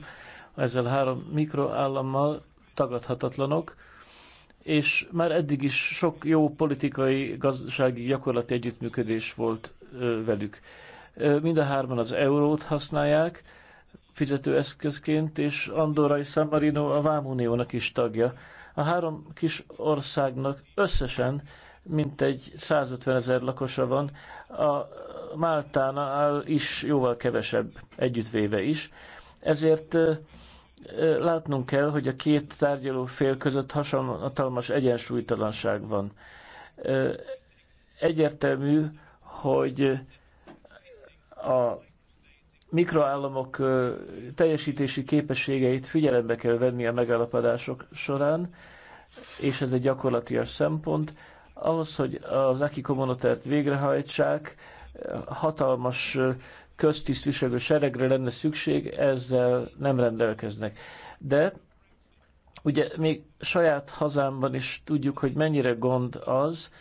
ezzel három mikroállammal tagadhatatlanok, és már eddig is sok jó politikai, gazdasági, gyakorlati együttműködés volt velük. Mind a hárman az eurót használják fizetőeszközként, és Andorra és San Marino a Vámuniónak is tagja. A három kis országnak összesen mintegy 150 ezer lakosa van, a Máltánál is jóval kevesebb együttvéve is. Ezért látnunk kell, hogy a két tárgyaló fél között hatalmas egyensúlytalanság van. Egyértelmű, hogy a mikroállamok teljesítési képességeit figyelembe kell venni a megállapodások során, és ez egy gyakorlatias szempont. Ahhoz, hogy az Aki kommunotert végrehajtsák, hatalmas köztisztviselő seregre lenne szükség, ezzel nem rendelkeznek. De ugye még saját hazámban is tudjuk, hogy mennyire gond az,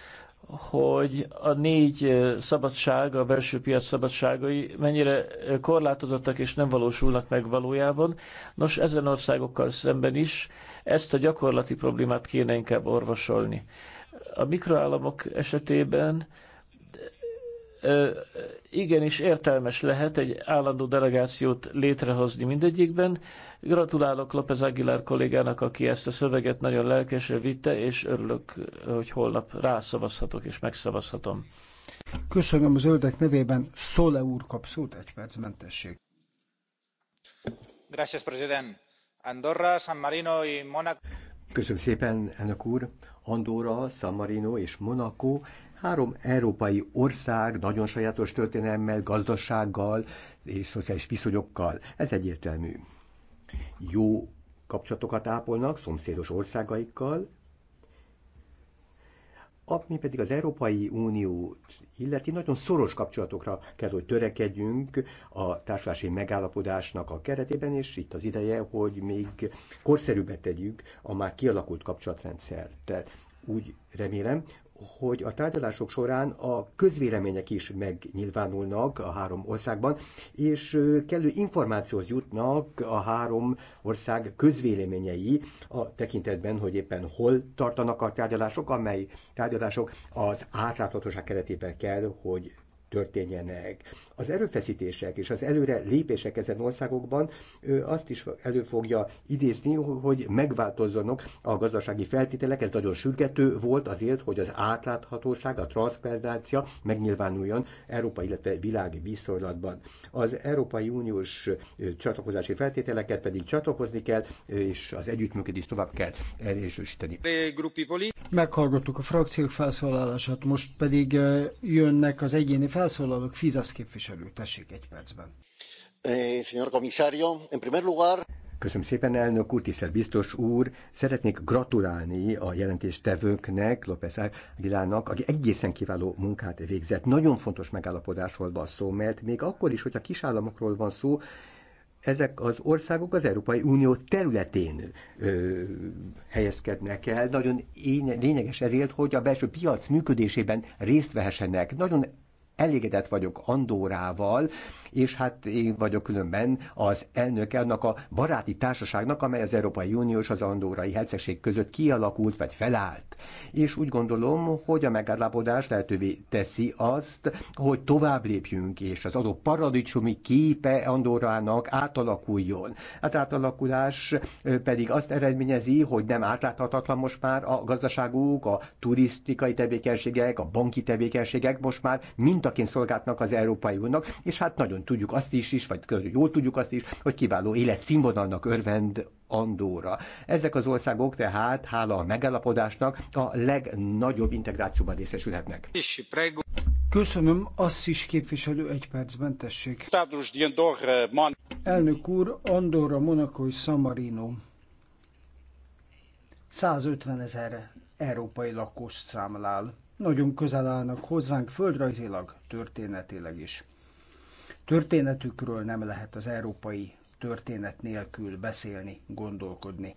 hogy a négy szabadság, a belső piac szabadságai mennyire korlátozottak és nem valósulnak meg valójában. Nos, ezen országokkal szemben is ezt a gyakorlati problémát kéne inkább orvosolni. A mikroállamok esetében igenis értelmes lehet egy állandó delegációt létrehozni mindegyikben. Gratulálok López Aguilar kollégának, aki ezt a szöveget nagyon lelkesre vitte, és örülök, hogy holnap rászavazhatok és megszavazhatom. Köszönöm az öldek nevében. Szóle úr kap szót, egy perc mentesség. Gracias, president. Andorra, San Marino y Monaco. Köszönöm szépen, elnök úr. Andorra, San Marino és Monaco Három európai ország nagyon sajátos történelmmel, gazdasággal és szociális viszonyokkal. Ez egyértelmű. Jó kapcsolatokat ápolnak szomszédos országaikkal, ami pedig az Európai Uniót illeti, nagyon szoros kapcsolatokra kell, hogy törekedjünk a társadalmi megállapodásnak a keretében, és itt az ideje, hogy még korszerűbbet tegyük a már kialakult kapcsolatrendszert. Úgy remélem, hogy a tárgyalások során a közvélemények is megnyilvánulnak a három országban, és kellő információhoz jutnak a három ország közvéleményei a tekintetben, hogy éppen hol tartanak a tárgyalások, amely tárgyalások az átláthatóság keretében kell, hogy történjenek. Az erőfeszítések és az előre lépések ezen országokban azt is elő fogja idézni, hogy megváltozzanak a gazdasági feltételek. Ez nagyon sürgető volt azért, hogy az átláthatóság, a transzperdácia megnyilvánuljon Európa, illetve világ viszonylatban. Az Európai Uniós csatlakozási feltételeket pedig csatlakozni kell, és az együttműködést tovább kell erősíteni. Meghallgattuk a frakciók felszólalását, most pedig jönnek az egyéni felszólalok, Fizasz képviselő, tessék egy percben. Eh, en primer lugar... Köszönöm szépen, elnök úr, tisztelt biztos úr. Szeretnék gratulálni a jelentéstevőknek, López Aguilának, aki egészen kiváló munkát végzett. Nagyon fontos megállapodásról van szó, mert még akkor is, hogyha kisállamokról van szó, ezek az országok az Európai Unió területén ö, helyezkednek el. Nagyon lényeges ezért, hogy a belső piac működésében részt vehessenek. Nagyon elégedett vagyok Andórával, és hát én vagyok különben az elnök annak a baráti társaságnak, amely az Európai Unió és az Andórai Hercegség között kialakult vagy felállt. És úgy gondolom, hogy a megállapodás lehetővé teszi azt, hogy tovább lépjünk, és az adó paradicsomi képe Andorának átalakuljon. Az átalakulás pedig azt eredményezi, hogy nem átláthatatlan most már a gazdaságuk, a turisztikai tevékenységek, a banki tevékenységek, most már mind utaként szolgáltnak az Európai Uniónak, és hát nagyon tudjuk azt is, is vagy jól tudjuk azt is, hogy kiváló életszínvonalnak örvend Andorra. Ezek az országok tehát, hála a megállapodásnak, a legnagyobb integrációban részesülhetnek. Köszönöm, azt is képviselő egy percben tessék. Elnök úr, Andorra, Monaco és San Marino. 150 ezer európai lakost számlál nagyon közel állnak hozzánk földrajzilag, történetileg is. Történetükről nem lehet az európai történet nélkül beszélni, gondolkodni.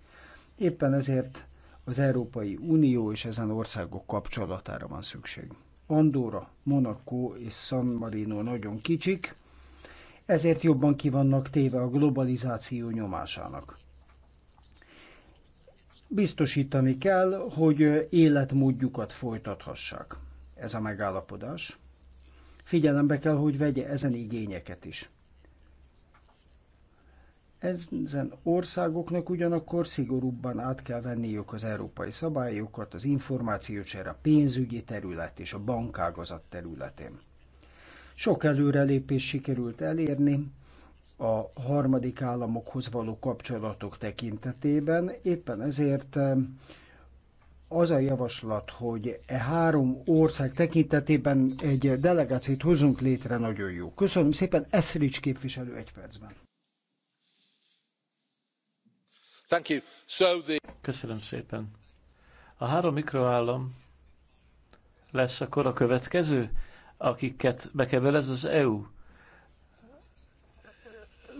Éppen ezért az Európai Unió és ezen országok kapcsolatára van szükség. Andorra, Monaco és San Marino nagyon kicsik, ezért jobban kivannak téve a globalizáció nyomásának. Biztosítani kell, hogy életmódjukat folytathassák. Ez a megállapodás. Figyelembe kell, hogy vegye ezen igényeket is. Ezen országoknak ugyanakkor szigorúbban át kell venniük az európai szabályokat az információcsere a pénzügyi terület és a bankágazat területén. Sok előrelépés sikerült elérni, a harmadik államokhoz való kapcsolatok tekintetében. Éppen ezért az a javaslat, hogy e három ország tekintetében egy delegációt hozunk létre, nagyon jó. Köszönöm szépen, Eszrics képviselő egy percben. Thank you. So the... Köszönöm szépen. A három mikroállam lesz akkor a következő, akiket bekebelez az EU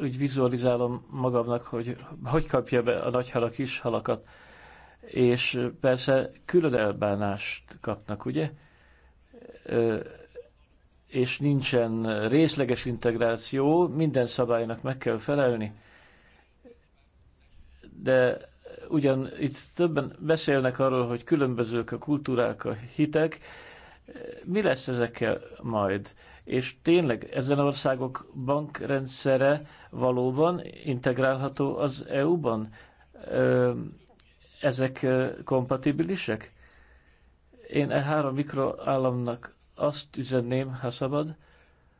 úgy vizualizálom magamnak, hogy hogy kapja be a nagyhal a kis halakat. És persze külön elbánást kapnak, ugye? És nincsen részleges integráció, minden szabálynak meg kell felelni. De ugyan itt többen beszélnek arról, hogy különbözők a kultúrák, a hitek, mi lesz ezekkel majd? és tényleg ezen országok bankrendszere valóban integrálható az EU-ban? Ezek kompatibilisek? Én e három mikroállamnak azt üzenném, ha szabad,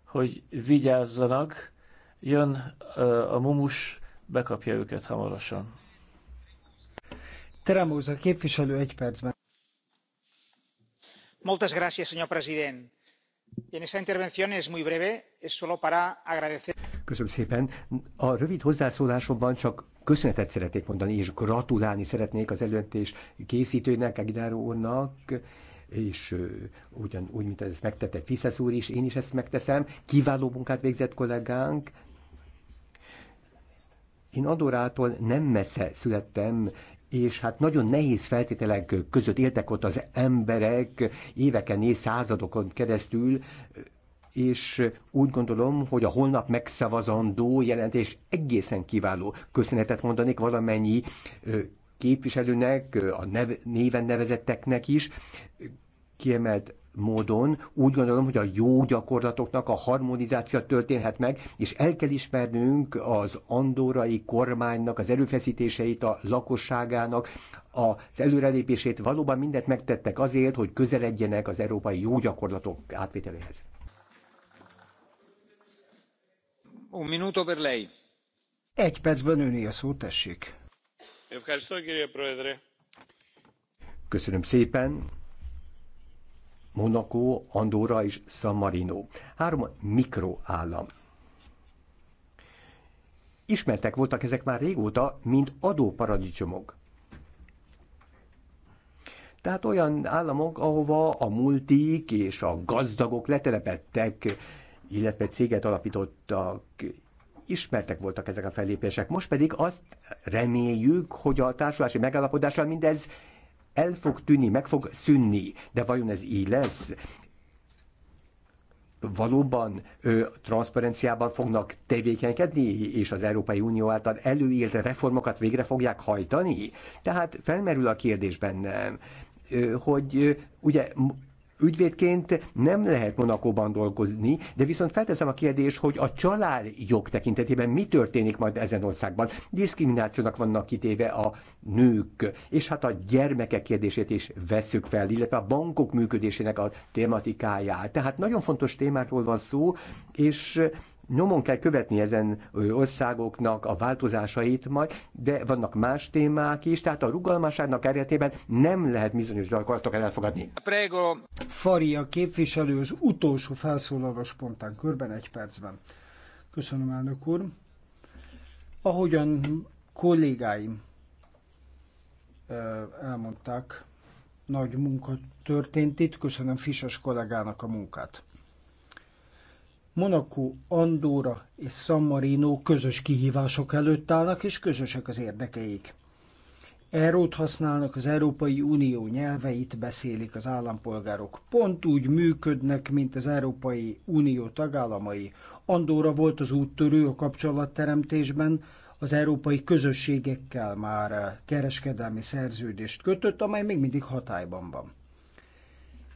hogy vigyázzanak, jön a mumus, bekapja őket hamarosan. a képviselő egy percben. Moltes gràcies, senyor president Köszönöm szépen. A rövid hozzászólásomban csak köszönetet szeretnék mondani, és gratulálni szeretnék az előttés készítőnek, Agidáró úrnak, és ugyanúgy, mint ezt megtette Fiszesz úr is, én is ezt megteszem. Kiváló munkát végzett kollégánk, én adorától nem messze születtem, és hát nagyon nehéz feltételek között éltek ott az emberek éveken és századokon keresztül, és úgy gondolom, hogy a holnap megszavazandó jelentés egészen kiváló. Köszönetet mondanék valamennyi képviselőnek, a nev, néven nevezetteknek is, kiemelt módon úgy gondolom, hogy a jó gyakorlatoknak a harmonizáció történhet meg, és el kell ismernünk az andorai kormánynak az erőfeszítéseit, a lakosságának, az előrelépését valóban mindent megtettek azért, hogy közeledjenek az európai jó gyakorlatok átvételéhez. Un minuto per lei. Egy percben öné a szó, tessék. Köszönöm szépen. Monaco, Andorra és San Marino. Három mikroállam. Ismertek voltak ezek már régóta, mint adóparadicsomok. Tehát olyan államok, ahova a multik és a gazdagok letelepedtek, illetve céget alapítottak, ismertek voltak ezek a fellépések. Most pedig azt reméljük, hogy a társulási megállapodással mindez el fog tűnni, meg fog szűnni. De vajon ez így lesz? valóban ö, transzparenciában fognak tevékenykedni, és az Európai Unió által előírt reformokat végre fogják hajtani? Tehát felmerül a kérdés bennem, ö, hogy ö, ugye Ügyvédként nem lehet Monakóban dolgozni, de viszont felteszem a kérdést, hogy a jog tekintetében mi történik majd ezen országban. Diszkriminációnak vannak kitéve a nők, és hát a gyermekek kérdését is veszük fel, illetve a bankok működésének a tematikáját. Tehát nagyon fontos témákról van szó, és nyomon kell követni ezen országoknak a változásait majd, de vannak más témák is, tehát a rugalmasságnak eredetében nem lehet bizonyos gyakorlatokat elfogadni. Prego. Fari a képviselő az utolsó felszólaló spontán körben egy percben. Köszönöm, elnök úr. Ahogyan kollégáim elmondták, nagy munka történt itt, köszönöm Fisas kollégának a munkát. Monaco, Andorra és San Marino közös kihívások előtt állnak, és közösek az érdekeik. Erót használnak, az Európai Unió nyelveit beszélik az állampolgárok. Pont úgy működnek, mint az Európai Unió tagállamai. Andorra volt az úttörő a kapcsolatteremtésben, az európai közösségekkel már kereskedelmi szerződést kötött, amely még mindig hatályban van.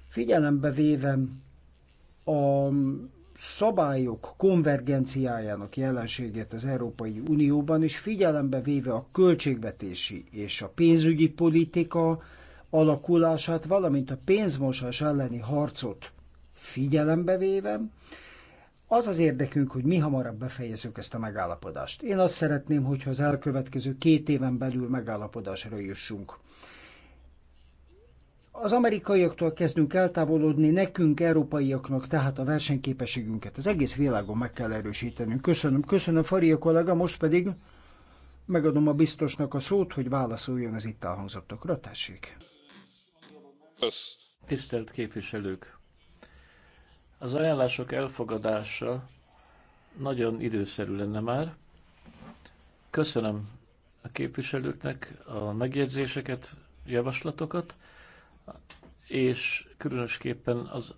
Figyelembe véve a szabályok konvergenciájának jelenségét az Európai Unióban, és figyelembe véve a költségvetési és a pénzügyi politika alakulását, valamint a pénzmosás elleni harcot figyelembe véve, az az érdekünk, hogy mi hamarabb befejezzük ezt a megállapodást. Én azt szeretném, hogyha az elkövetkező két éven belül megállapodásra jussunk. Az amerikaiaktól kezdünk eltávolodni, nekünk, európaiaknak, tehát a versenyképességünket. Az egész világon meg kell erősítenünk. Köszönöm, köszönöm, Faria kollega, most pedig megadom a biztosnak a szót, hogy válaszoljon az itt elhangzottakra. Tessék! Tisztelt képviselők! Az ajánlások elfogadása nagyon időszerű lenne már. Köszönöm a képviselőknek a megjegyzéseket, javaslatokat és különösképpen az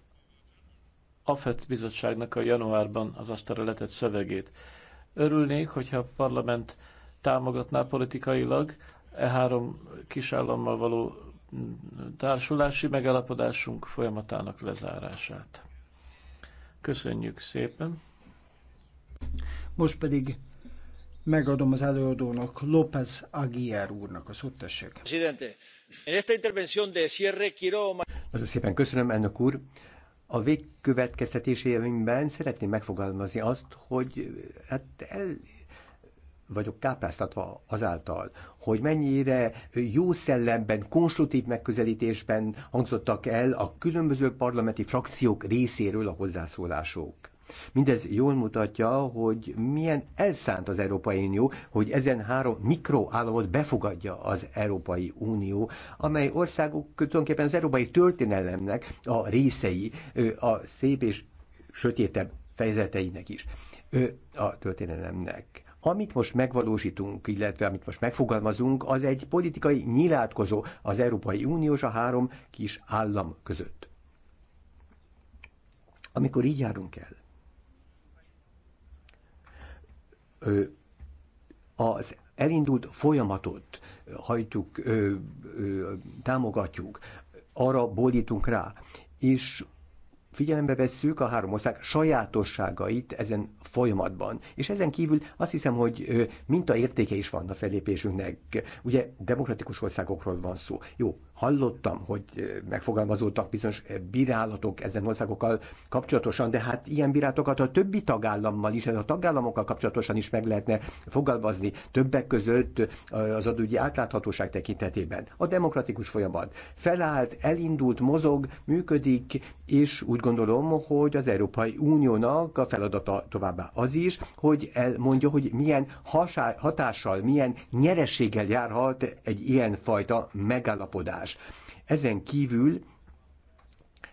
AFET bizottságnak a januárban az asztalra letett szövegét. Örülnék, hogyha a parlament támogatná politikailag e három kisállammal való társulási megállapodásunk folyamatának lezárását. Köszönjük szépen! Most pedig Megadom az előadónak López Aguiar úrnak a szót, tessék. Nagyon szépen köszönöm, elnök úr. A végkövetkeztetéséimben szeretném megfogalmazni azt, hogy hát el, vagyok kápráztatva azáltal, hogy mennyire jó szellemben, konstruktív megközelítésben hangzottak el a különböző parlamenti frakciók részéről a hozzászólások. Mindez jól mutatja, hogy milyen elszánt az Európai Unió, hogy ezen három mikroállamot befogadja az Európai Unió, amely országok tulajdonképpen az európai történelemnek a részei, a szép és sötétebb fejezeteinek is, a történelemnek amit most megvalósítunk, illetve amit most megfogalmazunk, az egy politikai nyilatkozó az Európai Uniós a három kis állam között. Amikor így járunk el, az elindult folyamatot hajtjuk, támogatjuk, arra bólítunk rá, és figyelembe vesszük a három ország sajátosságait ezen folyamatban. És ezen kívül azt hiszem, hogy mintaértéke is van a felépésünknek. Ugye demokratikus országokról van szó. Jó, hallottam, hogy megfogalmazódtak bizonyos bírálatok ezen országokkal kapcsolatosan, de hát ilyen bírálatokat a többi tagállammal is, ez a tagállamokkal kapcsolatosan is meg lehetne fogalmazni, többek között az adógyi átláthatóság tekintetében. A demokratikus folyamat felállt, elindult, mozog, működik, és úgy gondolom, hogy az Európai Uniónak a feladata továbbá az is, hogy elmondja, hogy milyen hatással, milyen nyerességgel járhat egy ilyenfajta megállapodás megoldás. Ezen kívül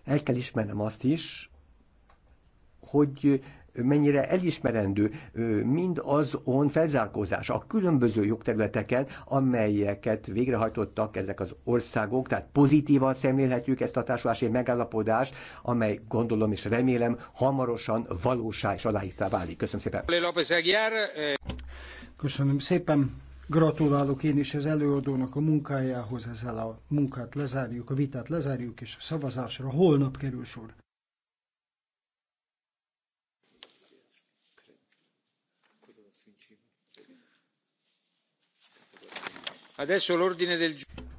el kell ismernem azt is, hogy mennyire elismerendő mind azon felzárkózás a különböző jogterületeken, amelyeket végrehajtottak ezek az országok, tehát pozitívan szemlélhetjük ezt a társulási megállapodást, amely gondolom és remélem hamarosan valóság és aláírtá válik. Köszönöm szépen. Köszönöm szépen. Gratulálok én is az előadónak a munkájához, ezzel a munkát lezárjuk, a vitát lezárjuk, és a szavazásra holnap kerül sor.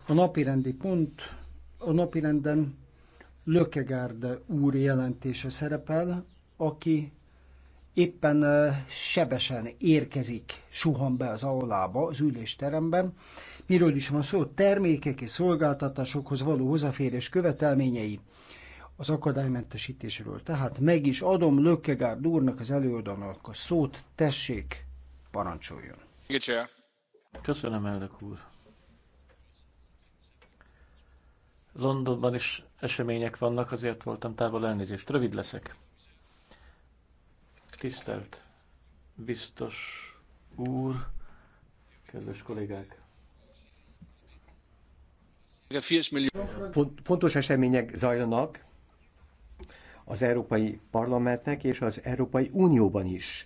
A napirendi pont, a napirenden Lökegárde úr jelentése szerepel, aki éppen sebesen érkezik, suhan be az aulába, az ülésteremben. Miről is van szó? Termékek és szolgáltatásokhoz való hozzáférés követelményei az akadálymentesítésről. Tehát meg is adom Lökkegárd úrnak az előadónak a szót, tessék, parancsoljon. Köszönöm, elnök úr. Londonban is események vannak, azért voltam távol elnézést. Rövid leszek. Tisztelt biztos úr, kedves kollégák! Fontos események zajlanak az Európai Parlamentnek és az Európai Unióban is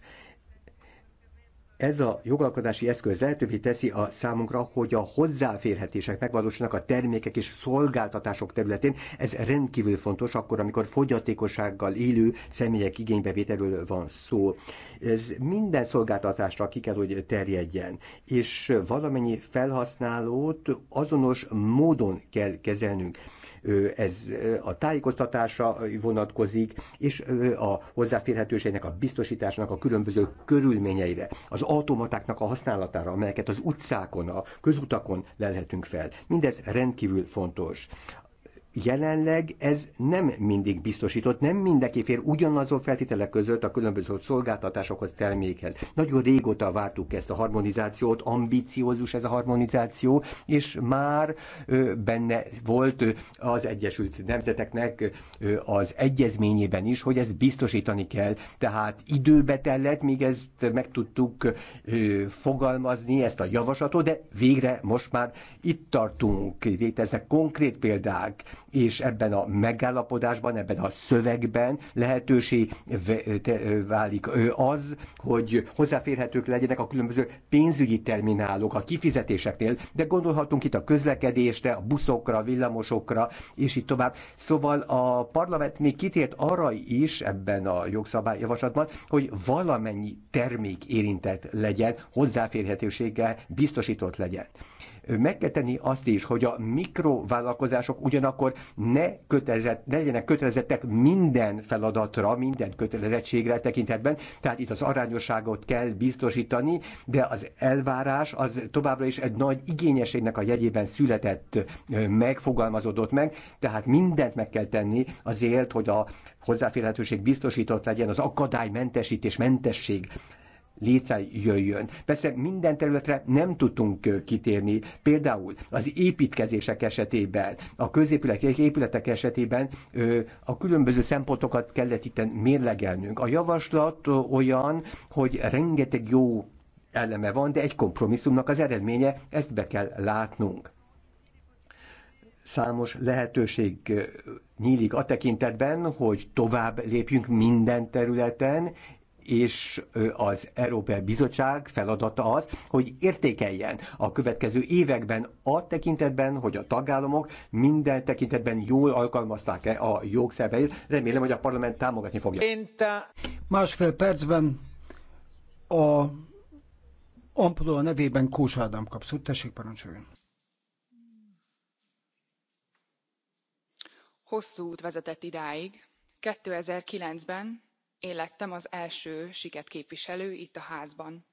ez a jogalkotási eszköz lehetővé teszi a számunkra, hogy a hozzáférhetések megvalósulnak a termékek és szolgáltatások területén. Ez rendkívül fontos akkor, amikor fogyatékossággal élő személyek igénybevételről van szó. Ez minden szolgáltatásra ki kell, hogy terjedjen, és valamennyi felhasználót azonos módon kell kezelnünk ez a tájékoztatásra vonatkozik, és a hozzáférhetőségnek, a biztosításnak a különböző körülményeire, az automatáknak a használatára, amelyeket az utcákon, a közutakon lelhetünk fel. Mindez rendkívül fontos jelenleg ez nem mindig biztosított, nem mindenki fér ugyanazon feltételek között a különböző szolgáltatásokhoz, termékhez. Nagyon régóta vártuk ezt a harmonizációt, ambiciózus ez a harmonizáció, és már benne volt az Egyesült Nemzeteknek az egyezményében is, hogy ezt biztosítani kell. Tehát időbe tellett, míg ezt meg tudtuk fogalmazni, ezt a javaslatot, de végre most már itt tartunk. Léteznek konkrét példák, és ebben a megállapodásban, ebben a szövegben lehetőség válik az, hogy hozzáférhetők legyenek a különböző pénzügyi terminálok a kifizetéseknél, de gondolhatunk itt a közlekedésre, a buszokra, villamosokra, és így tovább. Szóval a parlament még kitért arra is ebben a jogszabályjavaslatban, hogy valamennyi termék érintett legyen, hozzáférhetősége biztosított legyen meg kell tenni azt is, hogy a mikrovállalkozások ugyanakkor ne, kötelezett, ne legyenek kötelezettek minden feladatra, minden kötelezettségre tekintetben, tehát itt az arányosságot kell biztosítani, de az elvárás az továbbra is egy nagy igényességnek a jegyében született, megfogalmazódott meg, tehát mindent meg kell tenni azért, hogy a hozzáférhetőség biztosított legyen, az akadálymentesítés, mentesség létrejöjjön. Persze minden területre nem tudtunk kitérni. Például az építkezések esetében, a középületek épületek esetében a különböző szempontokat kellett itt mérlegelnünk. A javaslat olyan, hogy rengeteg jó eleme van, de egy kompromisszumnak az eredménye, ezt be kell látnunk. Számos lehetőség nyílik a tekintetben, hogy tovább lépjünk minden területen, és az Európai Bizottság feladata az, hogy értékeljen a következő években a tekintetben, hogy a tagállamok minden tekintetben jól alkalmazták-e a jogszabályt. Remélem, hogy a parlament támogatni fogja. Másfél percben a a nevében Kós Ádám kapsz. Tessék, parancsoljon. Hosszú út vezetett idáig. 2009-ben én lettem az első siket képviselő itt a házban.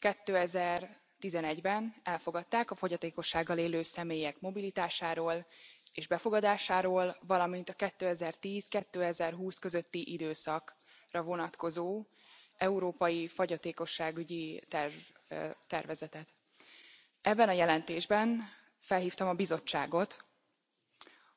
two thousand and eleven ben elfogadták a fogyatékossággal élő személyek mobilitásáról és befogadásáról valamint a two thousand and ten two thousand and twenty közötti időszakra vonatkozó európai fogyatékosságügyi tervezetet. ebben a jelentésben felhvtam a bizottságot